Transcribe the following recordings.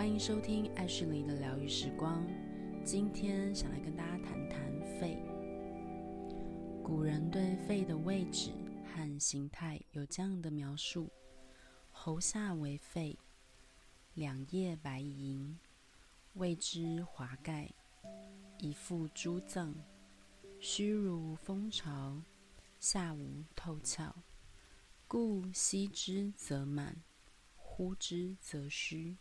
歡迎收聽愛旭黎的療癒時光。今天想來跟大家談談肺。古人對肺的位置和形態有這樣的描述：喉下為肺，兩葉白瑩，謂之華蓋，以覆諸臟，虛如蜂巢，下無透竅，故吸之則滿，呼之則虛。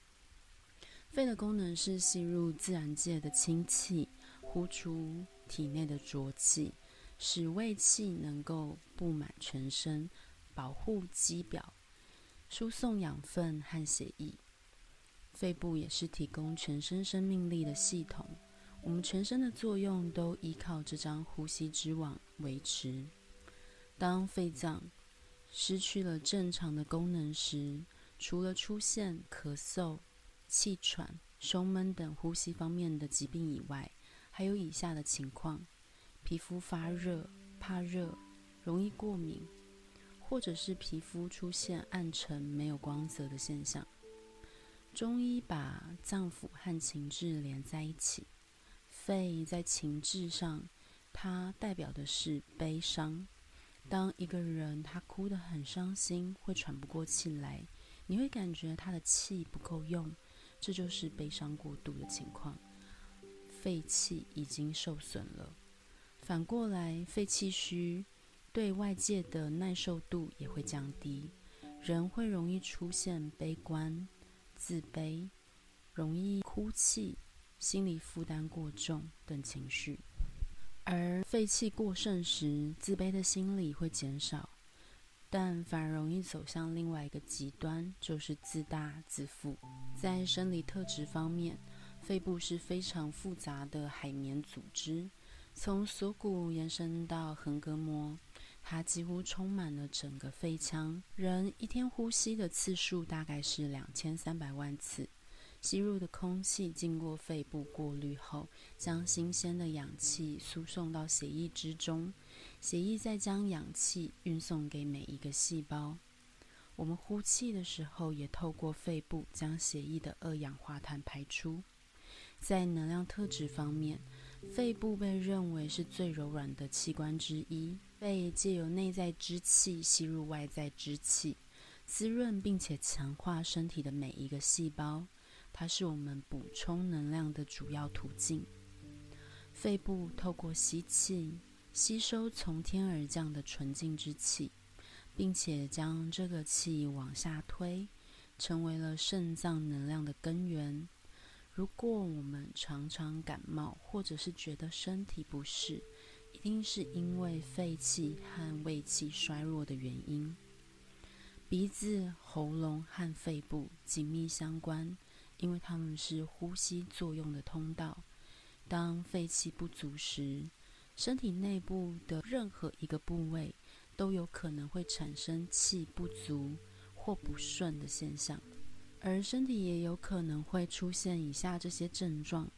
肺的功能是吸入自然界的清氣，呼出體內的濁氣，使衛氣能夠佈滿全身，保護肌表，輸送養分和血液。肺部也是提供全身生命力的系統，我們全身的作用都依靠這張呼吸之網維持。當肺臟失去了正常的功能時，除了出現咳嗽，氣喘、胸悶等呼吸方面的疾病以外，還有以下的情況：皮膚發熱、怕熱、容易過敏，或者是皮膚出現暗沉、沒有光澤的現象。中醫把臟腑和情志連在一起，肺在情志上，它代表的是悲傷。當一個人他哭得很傷心，會喘不過氣來，你會感覺他的氣不夠用。這就是悲傷過度的情況，肺氣已經受損了。反過來，肺氣虛對外界的耐受度也會降低，人會容易出現悲觀、自卑、容易哭泣、心理負擔過重等情緒。而肺氣過盛時，自卑的心理會減少。但反而容易走向另外一個極端，就是自大自負。在生理特質方面，肺部是非常複雜的海綿組織，從鎖骨延伸到橫膈膜，它幾乎充滿了整個肺腔。人一天呼吸的次數大概是兩千三百萬次，吸入的空氣經過肺部過濾後，將新鮮的氧氣輸送到血液之中。血液再將氧氣運送給每一個細胞。我們呼氣的時候，也透過肺部將血液的二氧化碳排出。在能量特質方面，肺部被認為是最柔軟的器官之一，肺借由內在之氣吸入外在之氣，滋潤並且強化身體的每一個細胞。它是我們補充能量的主要途徑。肺部透過吸氣。吸收從天而降的純淨之氣，並且將這個氣往下推，成為了腎臟能量的根源。如果我們常常感冒，或者是覺得身體不適，一定是因為肺氣和胃氣衰弱的原因。鼻子、喉嚨和肺部緊密相關，因為它們是呼吸作用的通道。當肺氣不足時，身體內部的任何一個部位，都有可能會產生氣不足或不順的現象，而身體也有可能會出現以下這些症狀，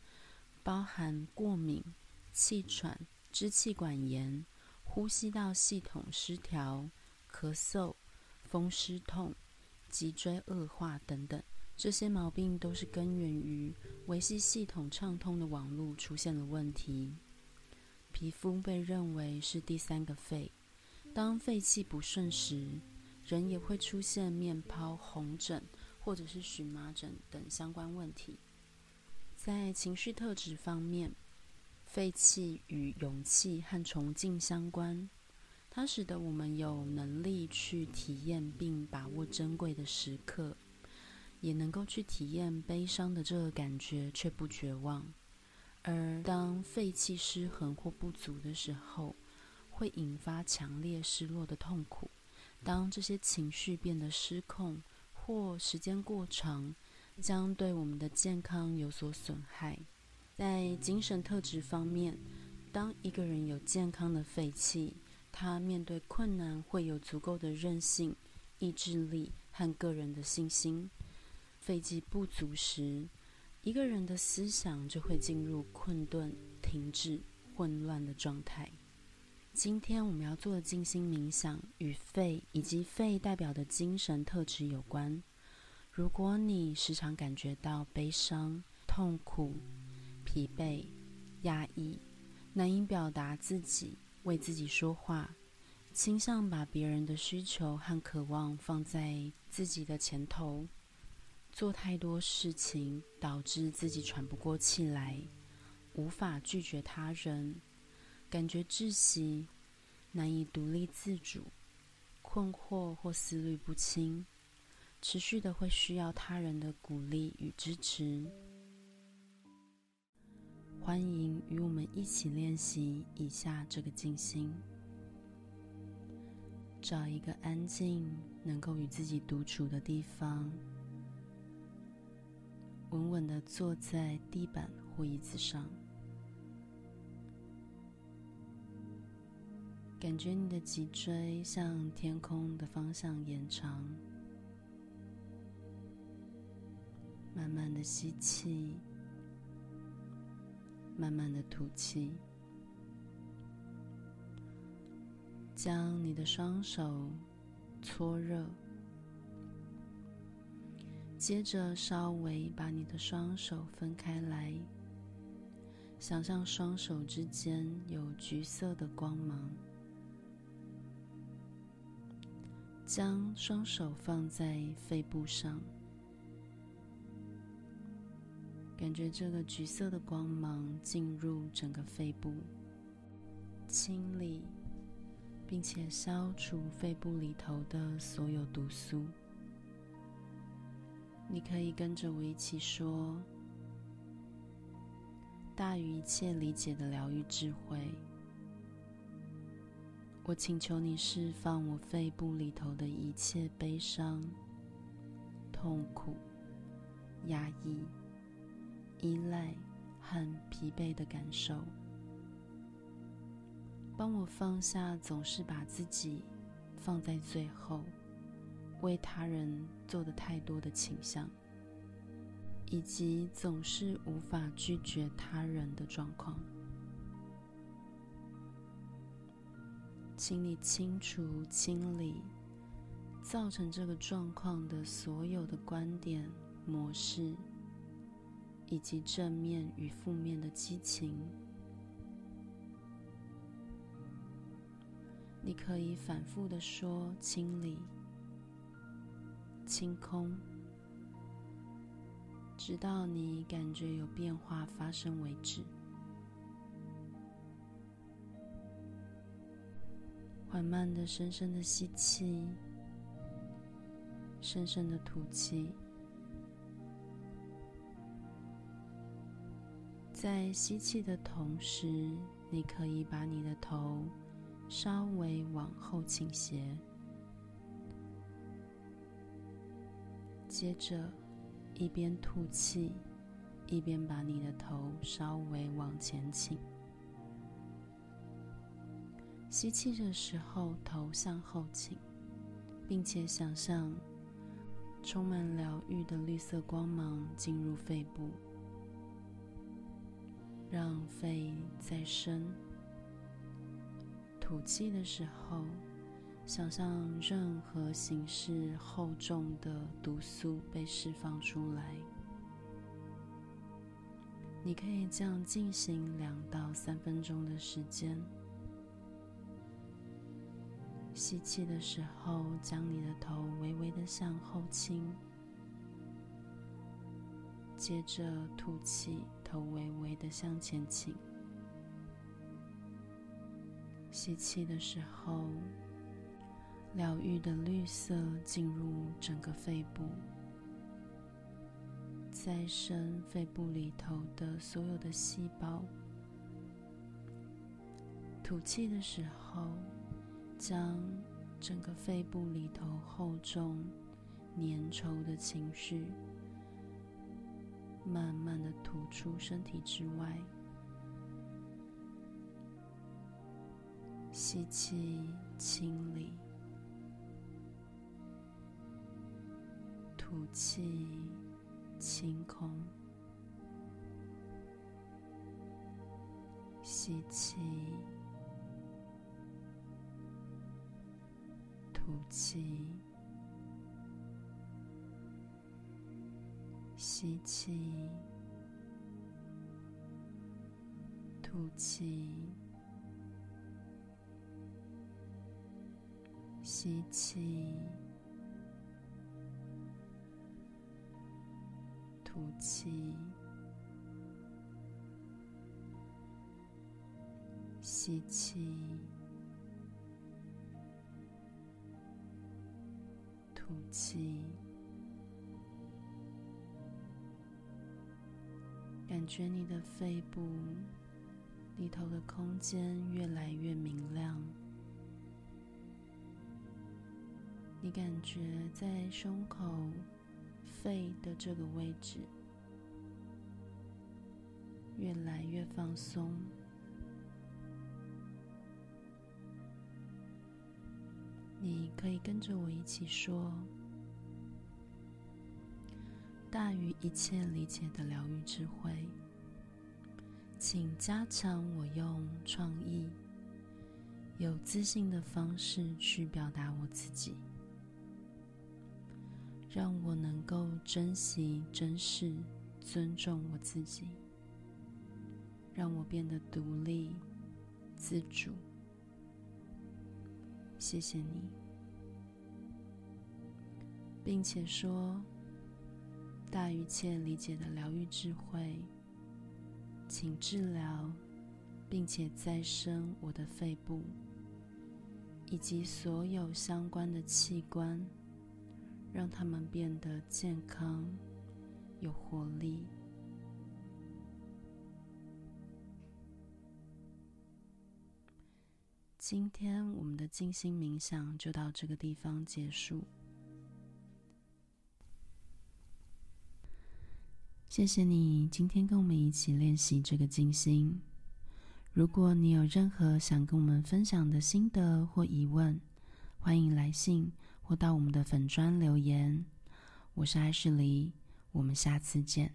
包含過敏、氣喘、支氣管炎、呼吸道系統失調、咳嗽、風濕痛、脊椎惡化等等。這些毛病都是根源於維繫系統暢通的網路出現了問題。皮膚被認為是第三個肺，當肺氣不順時，人也會出現面皰、紅疹或者是蕁麻疹等相關問題。在情緒特質方面，肺氣與勇氣和崇敬相關，它使得我們有能力去體驗並把握珍貴的時刻，也能夠去體驗悲傷的這個感覺，卻不絕望。而當肺氣失衡或不足的時候，會引發強烈失落的痛苦。當這些情緒變得失控或時間過長，將對我們的健康有所損害。在精神特質方面，當一個人有健康的肺氣，他面對困難會有足夠的韌性、意志力和個人的信心。肺氣不足時，一個人的思想就會進入困頓、停滯、混亂的狀態。今天我們要做的靜心冥想，與肺以及肺代表的精神特質有關。如果你時常感覺到悲傷、痛苦、疲憊、壓抑，難以表達自己、為自己說話，傾向把別人的需求和渴望放在自己的前頭。做太多事情，導致自己喘不過氣來，無法拒絕他人，感覺窒息，難以獨立自主，困惑或思慮不清，持續的會需要他人的鼓勵與支持。歡迎與我們一起練習以下這個靜心。找一個安靜、能夠與自己獨處的地方。穩穩的坐在地板或椅子上，感覺你的脊椎向天空的方向延長。慢慢的吸氣，慢慢的吐氣，將你的雙手搓熱。接着，稍微把你的雙手分開來，想象雙手之間有橘色的光芒。將雙手放在肺部上，感覺這個橘色的光芒進入整個肺部，清理，並且消除肺部裡頭的所有毒素。你可以跟着我一起說：“大於一切理解的療癒智慧。”我請求你釋放我肺部裡頭的一切悲傷、痛苦、壓抑、依賴和疲憊的感受。幫我放下總是把自己放在最後。為他人做的太多的傾向，以及總是無法拒絕他人的狀況，請你清除、清理造成這個狀況的所有的觀點、模式，以及正面與負面的激情。你可以反覆的說“清理”。清空，直到你感覺有變化發生為止。緩慢的、深深的吸氣，深深的吐氣。在吸氣的同時，你可以把你的頭稍微往後傾斜。接着，一邊吐氣，一邊把你的頭稍微往前傾。吸氣的時候，頭向後傾，並且想象充滿療癒的綠色光芒進入肺部，讓肺再生。吐氣的時候。想象任何形式厚重的毒素被釋放出來。你可以這樣進行兩到三分鐘的時間。吸氣的時候，將你的頭微微的向後傾；接着吐氣，頭微微的向前傾。吸氣的時候。療癒的綠色進入整個肺部，再生肺部裡頭的所有的細胞。吐氣的時候，將整個肺部裡頭厚重、粘稠的情緒，慢慢的吐出身體之外。吸氣，清理。吐氣，清空。吸氣，吐氣。吸氣，吐氣。吸氣。呼氣，吸氣，吐氣，感覺你的肺部裡頭的空間越來越明亮。你感覺在胸口。肺的這個位置越來越放鬆，你可以跟着我一起說：“大於一切理解的療癒智慧，請加強我用創意、有自信的方式去表達我自己。”讓我能夠珍惜、珍視、尊重我自己，讓我變得獨立、自主。謝謝你，並且說，大於一切理解的療癒智慧，請治療並且再生我的肺部以及所有相關的器官。讓他們變得健康、有活力。今天我們的靜心冥想就到這個地方結束。謝謝你今天跟我們一起練習這個靜心。如果你有任何想跟我們分享的心得或疑問，歡迎來信，或到我們的粉專留言，我是愛旭黎，我們下次見。